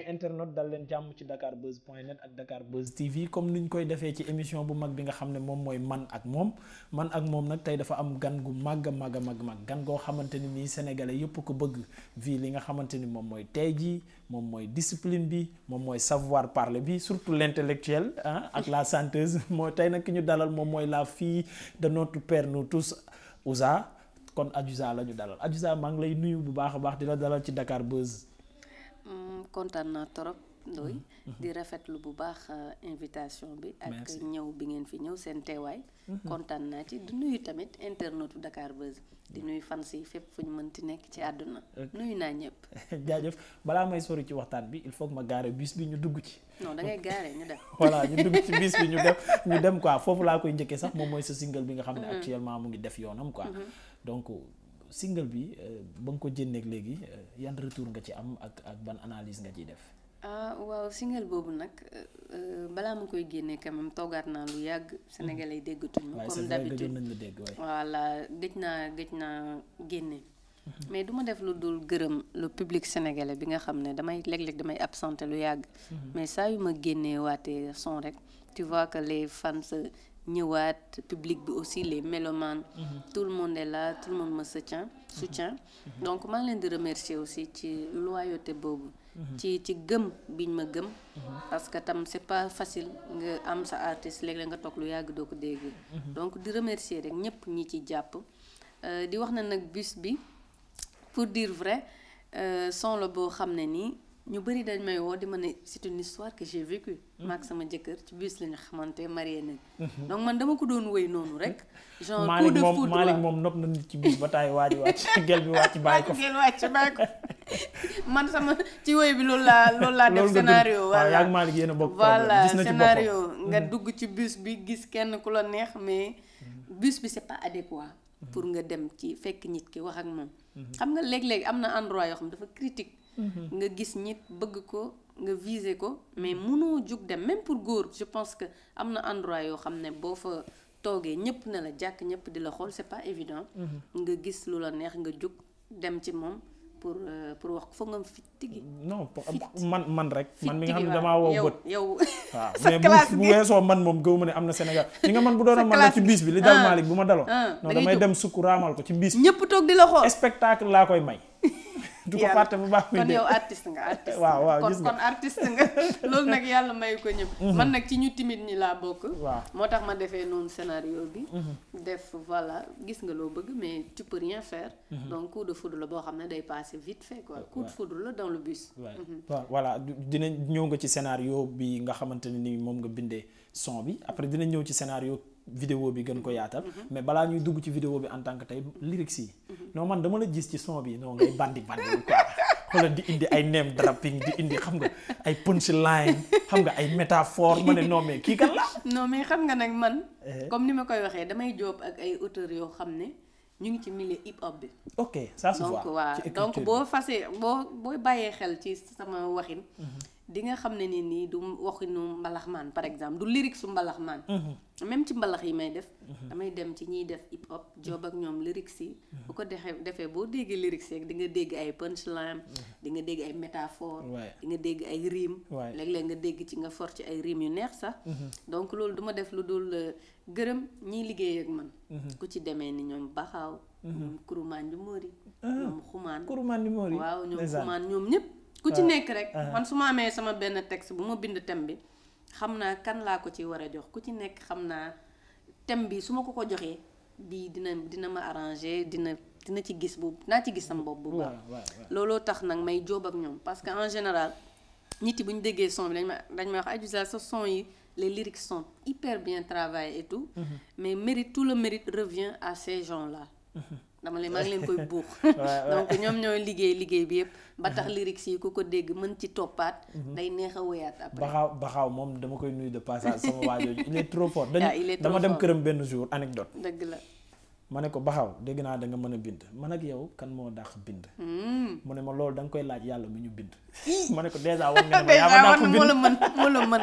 internet dal leen jàmm ci Dakar Buzz point net ak Dakar Buzz TV comme ni ñu koy defee ci émission bu mag bi nga xam ne moom mooy man ak moom man ak moom nag tey dafa am gan gu màgg a màgg a màgg gan goo xamante ni nii sénégalais yëpp ko bëgg vi li nga xamante ni moom mooy tey jii moom mooy discipline bi moom mooy savoir parler bi surtout l'intellectuel ah ak la chanteuse moo tey nag ki ñu dalal moom mooy la fi de notre père nous tous Ouza kon Adiouza la ñu dalal Adiouza maa ngi lay nuyu bu baax a baax di la dalal ci Dakar Buzz. kontaan naa torop Ndoye mm-hmm. Mm-hmm. di rafetlu bu baax euh, invitation bi ak ñëw bi ngeen fi ñëw seen teewaay mm-hmm. kontaan naa ci di nuyu tamit internetu Dakar Buzz di nuyu fans yi fépp fu ñu mën mënti nekk ci àdduna nuyu naa ñëpp jaajëf balaa may sori ci waxtaan bi il faut ma gaare bis bi ñu dugg ci non da ngay gaare ñu dem voilà ñu dugg ci bis bi ñu dem ñu dem quoi foofu laa koy njëkkee sax moom mooy sa single bi nga xam ne actuellement mu ngi def yoonam quoi donc single bi euh, ba nga ko jënneeg léegi euh, yan retour nga ci am ak ak ban analyse nga ciy def. ah waaw single boobu nag euh, balaa ma koy génnee quand même toogaat naa lu yàgg mm-hmm. sénégalais yi déggatuñu. comme d'habitude nañ la dégg waay. voilà gëj naa gëj naa génne. Mm-hmm. mais du ma def lu dul gërëm lu public sénégalais bi nga xam ne damay léeg-léeg damay absenté lu yàgg. Mm-hmm. mais saa yu ma génnee waatee son rek tu vois que les fans ñëwaat public bi aussi les mélomanes. Mhm. tout le monde est là tout le monde me soutient soutient mhm. donc maa leen di remercier aussi ci loyauté boobu. Mhm. ci ci gëm biñ ma gëm. parce que tam c'est pas facile nga am sa artiste léeg-léeg nga toog lu yàgg doo ko dégg. donc di remercier rek ñëpp ñi ci jàpp euh, di wax na nag bus bi pour dire vrai euh, son la boo xam ne nii. ñu bëri dañ may woo di ma ne c'est une histoire que j'ai vécu mm-hmm. maag sama jëkkër ci biis la ñu xamante marie nañ mm-hmm. donc man dama ko doon woy noonu rek genre coup de foudre Malick moom nopp na ci bus ba taay waaji wàcc gel bi wàcc bàyyi ko gel wàcc bàyyi ko man sama ci wéy bi loolu laa loolu laa def scénario voilà yaa ngi Malick yéen a bokk voilà scénario nga mm-hmm. dugg ci bus bi gis kenn ku la neex mais bus bi c'est pas adéquat pour nga dem ci fekk nit ki wax ak moom xam nga léeg-léeg am na endroit yoo xam dafa critique Mm-hmm. nga gis nit bëgg ko nga viser ko mais munoo jug dem même pour góor je pense que am na endroit yoo xam ne boo fa toogee ñëpp na la jàkk ñëpp di la xool c'est pas évident. Mm-hmm. nga gis lu la neex nga jug dem ci moom. pour euh, pour wax ko foog nga fit tigi non man man rek. man mi yow waaw mais bu na Sénégal ñi nga man bu doon a man la ci bis ah. bu ma daloon. Ah, non damay dem sukk raamal ko ci bis ñëpp toog di la xool spectacle laa koy may. du ko fàtte bu baax. kon yow artiste nga artiste waaw waaw kon kon nga loolu nag yàlla may ko ñëpp. Mhm. man nag ci ñu timide ni laa bokk. moo tax ma defee noonu scénario bi. Mhm. def voilà gis nga loo bëgg mais tu rien faire. Mhm. donc coup de foudre la boo xam ne day passer vite fait quoi. coup de foudre la dans le bus. waaw voilà dinañ ñëw nga ci scénario bi nga xamante ne ni moom nga bindee son bi après dinañ ñëw ci scénario. vidéo bi gën ko mhm. yaatal. Mhm. mais balaa ñuy dugg ci vidéo bi en tant que tey lyrics yi. Mhm. non man dama la gis ci son bi noo ngay bandi bandi quoi xoolal di indi ay name dropping di indi xam nga ay punchline xam nga ay métaphore ma ne non mais kii ka la. non mais xam nga nag man. Eh? comme ni ma koy waxee damay joob ak ay auteurs yoo xam ne ñu ngi ci milieu hip hop bi. ok ça se voit donc waaw donc boo fasee boo boo bàyyee xel ci sama waxin. di nga xam ne ni nii du waxinu mbalaxmaan par exemple du lyrique su mbalaxmaan mhm. même ci mbalax yi may def mhm. damay dem ci ñiy def hip hop job ak ñoom lyrics si mhm. bu ko defee defee boo déggee lyrics yi rek di nga dégg ay punchline di nga dégg ay métaphore di nga dégg ay rime léeg-léeg nga dégg ci nga for ci ay rime yu neex sax donc loolu du def lu dul euh, gërëm ñi liggéey ak man ku ci demee ni ñoom baxaaw ñoom kurumaan di moori ah, ñoom xumaan kurumaan di moori waaw ñoom xumaan ñoom ñëpp ku ci ah, nekk rek ah. man su ma amee sama benn texte bu ma bind thème bi xam naa kan laa ko ci war a jox ku ci nekk xam naa thème bi su ma ko ko joxee bii dina dina ma arranger dina dina ci gis bu naa ci gis sama mbopp bu baax looloo tax nag may jóob ak ñoom parce que en général nit yi bu ñu déggee son bi dañ ma dañ may wax Adiouza ah, sa son yi les lyriques sont hyper bien travaillés et tout mm-hmm. mais mérite tout le mérite revient à ces gens mm-hmm. dama leen maa ngi leen koy buux donc ñoom ñooy liggéey liggéey bi yëpp ba tax lyrics si ku ko dégg mën ci toppaat mhm. day neex a wéyaat après baxaaw baxaaw moom dama koy nuyu de passage sama waa jooju ah, dama dem këram benn jour anecdote dëgg la ma ne ko baxaw dégg naa danga mën a bind man ak yow kan moo dàq bind hmm. mu ne ma loolu da koy laaj yàlla mi ñu bind ma ne ko dèjà war nga ne ma yaa ma dàq moo la mën moo la mën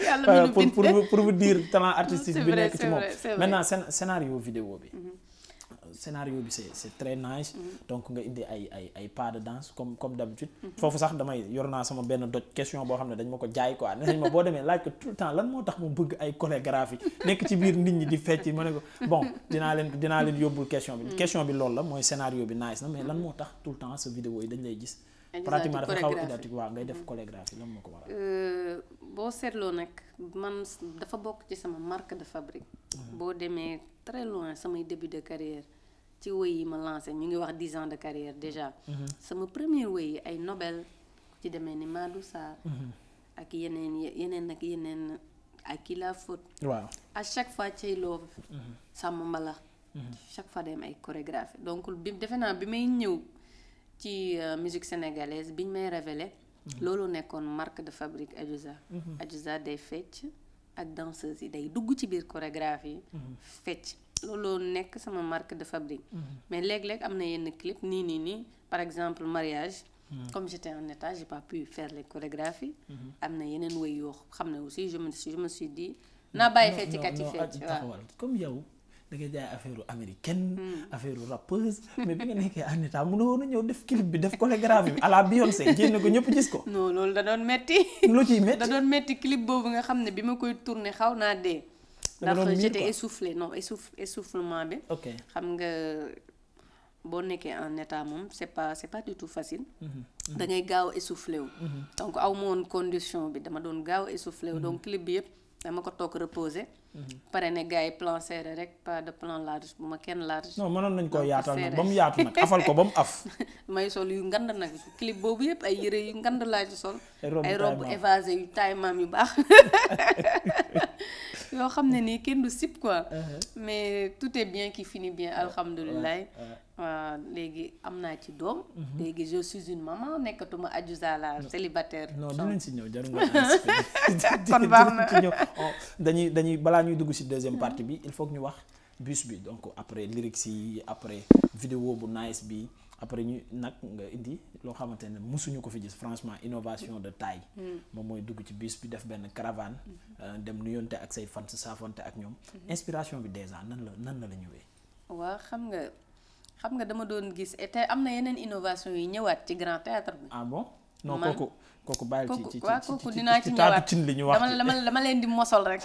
yàlla mi ñu bind pour pour vous dire talent artistique bi nekk ci moom maintenant scénario vidéo bi mhm. scénario bi c'est c'est très nice mm. donc nga indi ay ay ay pas de danse comme comme d'habitude foofu sax damay yor sama benn doj question boo xam ne dañ ma ko jaay quoi ne ma boo demee laaj ko tout le temps moo tax mu bëgg ay chorégraphie nekk ci biir nit ñi di fecc ma ne ko dinaa leen dinaa leen yóbbul question bi mm. question bi loolu la mooy scénario bi nice na mais lan moo tax tout le temps sa vidéo yi dañ lay gis pratiquement dafa mm. euh, dafa bokk ci sama très loin samay début de carrière ci woy yi ma lancé ñu ngi wax dix ans de carrière déjà mm-hmm. sama premier woy yi ay Nobel ku ci demee ni Madou Sarr mm-hmm. ak yeneen yeneen ak yeneen ak kii la faute à chaque fois cay loofu sàmm mbala mm-hmm. chaque fois dem ay chorégraphie donc bi defe naa bi may ñëw ci euh, musique sénégalaise biñ may révélé loolu nekkoon marque de fabrique Adiouza Adiouza day fecc ak danseuse yi day dugg ci biir chorégraphie yi fecc looloo nekk sama marque de fabrique. Mhm. mais léeg-léeg am na yenn clip nii nii nii par exemple mariage. Mhm. comme j'étais en état j'ai pas pu faire les chorégraphies. Mhm. am na yeneen woy yoo xam ne aussi je me suis naa bàyyi feccikat yi fecc waaw comme yow da jaay affaire américaine. Hmm. affaire rappeuse. mais bi nga nekkee en état mënoo woon a ñëw def clip bi def chorégraphie bi à la Beyoncé génn ko ñëpp gis ko. non loolu da doon metti. clip boobu nga xam ne ndax j'étais essoufflée non essouff essoufflement bi. ok xam nga boo nekkee en état moom c'est pas c'est pas du tout facile. Mhm. Mhm. da gaaw a wu. Mhm. donc aw ma condition bi dama doon gaaw a donc clip bi yëpp dama ko took reposer pare ne gars yi plan serré rek pas de plan large bu ma kenn large. non mënoon nañ koo yaatal nag ba mu yaatu nag afal ko ba mu af. may sol yu ngand nag clip boobu yëpp ay yëre yu ngand laa ci sol. ay robe évasé yu taay maam yu baax. yoo xam ne ni kenn du sip quoi. Uh-huh. mais tout est bien qui finit bien alhamdulilah. waaw léegi am naa ci doom. Uh-huh. léegi je suis une nekkatuma Adiouza la célibataire. no dinañ si ñëw jarul nga kon baax na oh, dañuy dañuy balaa ñuy dugg si deuxième uh-huh. partie bi il faut ñu wax. bus bi donc après lyrics yi après vidéo bu nice bi après ñu nag nga indi loo xamante ne mosuñu ko fi gis franchement innovation de taille. Hmm. moom mooy dugg ci biis bi def benn caravane. Hmm. Euh, dem nuyonte ak say fan saafonte ak ñoom. Hmm. inspiration bi déjà nan la nan la la ñëwee. waa xam nga xam nga dama doon gis te am na yeneen innovation yi ñëwaat ci grand théâtre bi. Ah bon. non kooku kooku bàyyil dinaa ci ñëwaat cin li ñu wax dama dama leen di mosol rek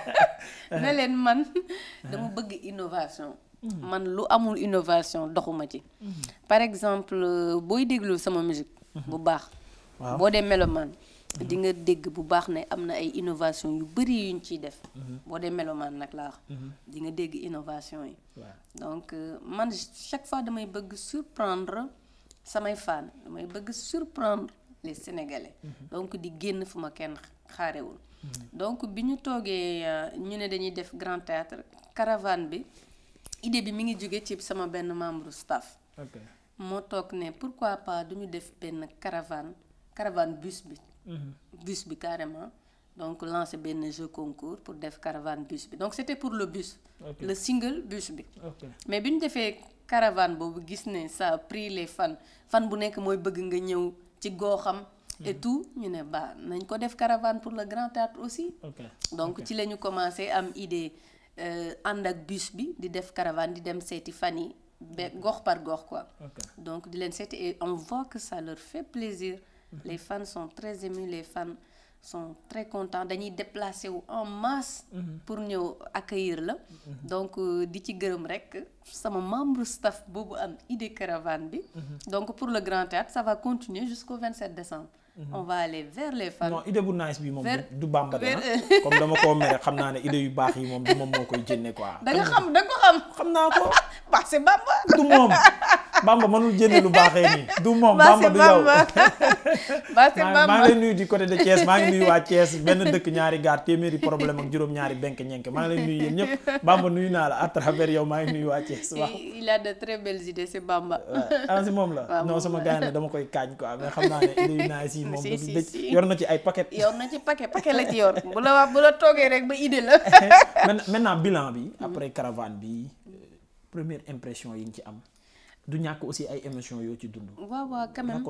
ne leen man dama bëgg innovation hmm. man lu amul innovation doxuma ci hmm. par exemple euh, booy déglu sama musique hmm. bu baax boo dee melomaan di nga dégg bu baax ne am na ay innovation yu bëri ñu ciy def boo dee melomaan nag la wax di nga dégg innovation yi donc euh, man chaque fois damay bëgg surprendre samay fan damay bëgg surprendre les sénégalais. Mhm. donc di génn fu ma kenn xaarewul mhm. donc bi ñu toogee euh, ñu ne dañuy def grand théâtre caravane bi idée bi mu ngi jóge ci sama benn membre staff. moo toog ne pourquoi pas du ñu def benn caravane caravane bus bi. Mhm. bus bi carrément donc lancer benn jeu concours pour def caravane bus bi donc c'était pour le bus. le single bus bi. mais bi ñu defee caravane boobu gis ne ça a les fan fan bu nekk mooy bëgg nga ñëw ci gooxam et mhm. tout ñu ne ba nañ ko def caravane pour le grand théâtre aussi donc ci la ñu commencé am idée euh, ànd ak bus bi di def caravane di dem seeti fan yi be gox par gox quoi donc di leen seeti et on voit que fait plaisir mhm. les fan son très émus les fans sont très contents dañuy déplacé wu en masse. Mhm. pour ñëw accueillir la. Mhm. donc euh, di ci gërëm rek sama membre staff boobu am idée caravane bi. Mhm. donc pour le grand théâtre ça va continuer jusqu'au 27 décembre. on va aller vers les femmes. non idée bu nice bi moom du bamba dana ah. comme dama koo mere xam naa ne idée yu baax yi moom du moom moo koy jënne quoi. da nga xam da nga ko xam. xam naa ko. waaw c'est du moom. Bamba mënul jënd lu baaxee nii. du moom Bamba du yow Basi Bamba maa nga lay nuyu di côté de Thiès maa ngi nuyu waa Thiès benn dëkk ñaari gaar téeméeri problème ak juróom-ñaari benk ñenk maa ngi lay nuyu yéen ñëpp Bamba nuyu naa la à yow maa ngi nuyu waa Thiès waaw. il a de très belles ah, moom la non sama gars dama koy kaañ quoi mais xam naa ne idée yu naa yor na ci ay paquet. yor na ci paquet paquet la ci yor bu la wax bu la toogee rek ba idée la. maintenant bilan bi après caravane bi euh, première impression yi nga ci am. du ñàkk aussi ay émission yoo ci dund. waaw waaw quand même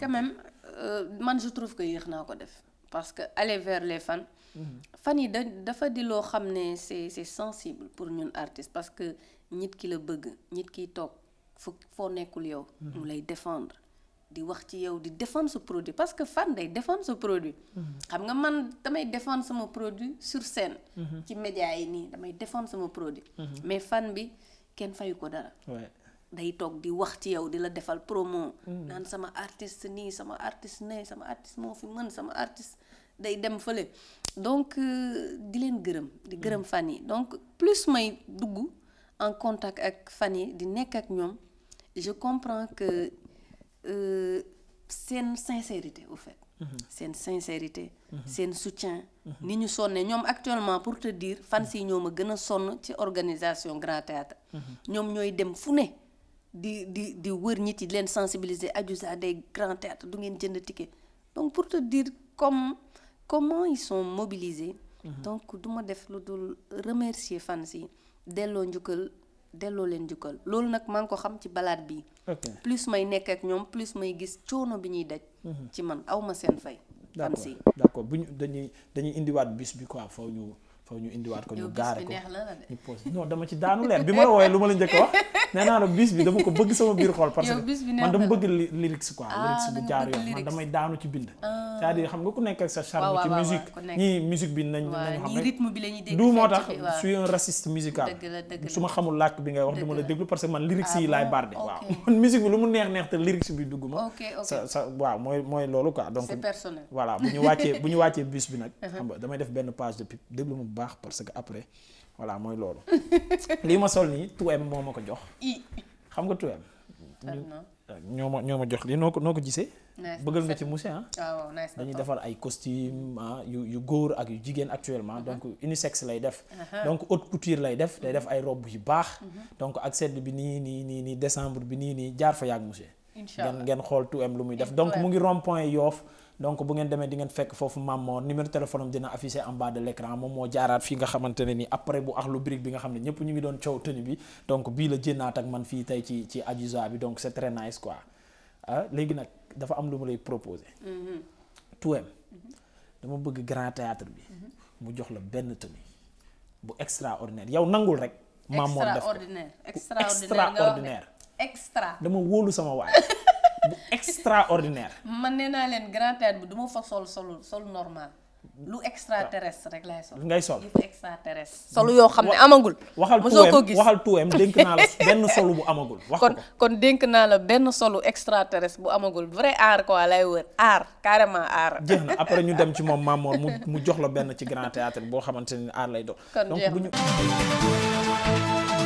quand même euh, man je trouve que yéex naa ko def parce que aller vers les fan mhm. fan yi da dafa di loo xam ne c'est c'est sensible pour ñun artistes parce que nit ki la bëgg nit ki toog fu foo nekkul yow. Mhm. mu lay défendre di wax ci yow di défendre sa produit parce que fan de défendre sa produit. Mhm. xam nga man damay défendre sama produit sur scène. ci médias yi nii damay défendre sama produit. mais fan bi kenn fayu ko dara. day toog di wax ci yow di la defal promo. Mm. naan sama artiste nii sama artiste nai sama artiste moo fi mën sama artiste day dem fële. donc euh, di leen gërëm. di mm. gërëm fan yi donc plus may dugg en contact ak fan yi di nekk ak ñoom je comprends que euh, seen sincérité au fait. Mm-hmm. seen sincérité. Mm-hmm. seen soutien. Mm-hmm. ni ñu sonnee ñoom actuellement pour te dire fan si ñoom a gën a sonn ci organisation Grand Théâtre ñoom ñooy dem fu ne. di di di wër ñit yi di leen sensibiliser Adiouza des grands théâtres du ngeen jënd ticket donc pour te dire comme comment ils sont mobilisés. Mhm. donc du ma def lu dul remercier fans yi delloo njukkal delloo leen njukkal loolu nag maa ngi ko xam ci balaat bi plus may nekk ak ñoom plus may gis coono bi ñuy daj. Mhm. ci man awma seen fay. fans yi bu ñu dañuy indiwaat bis bi quoi foofu ñu. faw ñu indiwaat ko ñu gaare ko ñu pose non dama ci daanu leer bi ma la wooyee lu ma la njëkk wax nee naa la bis bi dama ko bëgg sama biir xol parce que man dama bëgg lyrics quoi ah, lyrics bu jaar yoon man damay daanu ci bind ah. cest à xam nga ku nekk ak sa charme ci musique ñii musique bi nañ nañ xam rythme du moo tax je suis un raciste musical su ma xamul làkk bi ngay wax du ma la déglu parce que man lyrics ah yi laay bardé waaw man musique bi lu mu neex neex te lyrics bi dugg ma sa sa waaw mooy mooy loolu quoi donc voilà bu ñu wàccee bu ñu wàccee bus bi nag uh-huh. xam nga damay def benn page de pub déglu mu baax parce que après voilà mooy loolu lii ma sol nii 2M moo ma ko jox xam nga 2M ah, ñoo ma ñoo ma jox lii noo ko noo ko gisee bëggal nga ci Moussé ah? ah. waaw nice dañuy defar ay costume ah yu yu góor ak yu jigéen actuellement uh-huh. donc unisexe lay def. Uh-huh. donc haute couture lay def day def uh-huh. ay robe yu baax. donc ak sedd bi nii nii nii nii décembre bi nii nii jaar fa yàgg Moussé. incha allah ngeen ngeen xool tout am lu muy def donc mu ngi rond point Yoff. donc bu ngeen demee di ngeen fekk foofu Mamor numéro téléphone am dina affiché en bas de l' écran moom moo jaaraat fii nga xamante ne ni après bu Akhlou Brick bi nga xam ne ñëpp ñu ngi doon coow tenue bi donc bii la jénnaat man fii tey ci ci Adiouza bi donc c' est très ah léegi nag dafa am lu ma lay proposé. Mm-hmm. tuwem mm-hmm. dama bëgg grand théâtre bi mm-hmm. mu jox la benn tenue bu extraordinaire yow nangul rek. maam moom def ko extraordinaire extra dama wóolu sama waay bu extraordinaire. man nee naa leen grand théâtre bi du ma fa sol sol sol normal. lu extraterrestre rek laay sol. ngay sol yëpp extraterrestre. solu yoo xam ne amagul. mosoo ko gis waxal tuwem dénk naa la benn solu bu amagul. wax kon kon dénk naa la benn solu extraterrestre bu amagul vrai aar quoi lay wër aar carrément aar. jeex na après ñu dem ci moom maam Mamor mu jox la benn ci grand théâtre boo xamante ni aar lay doon. kon jeex na donc bu ñu.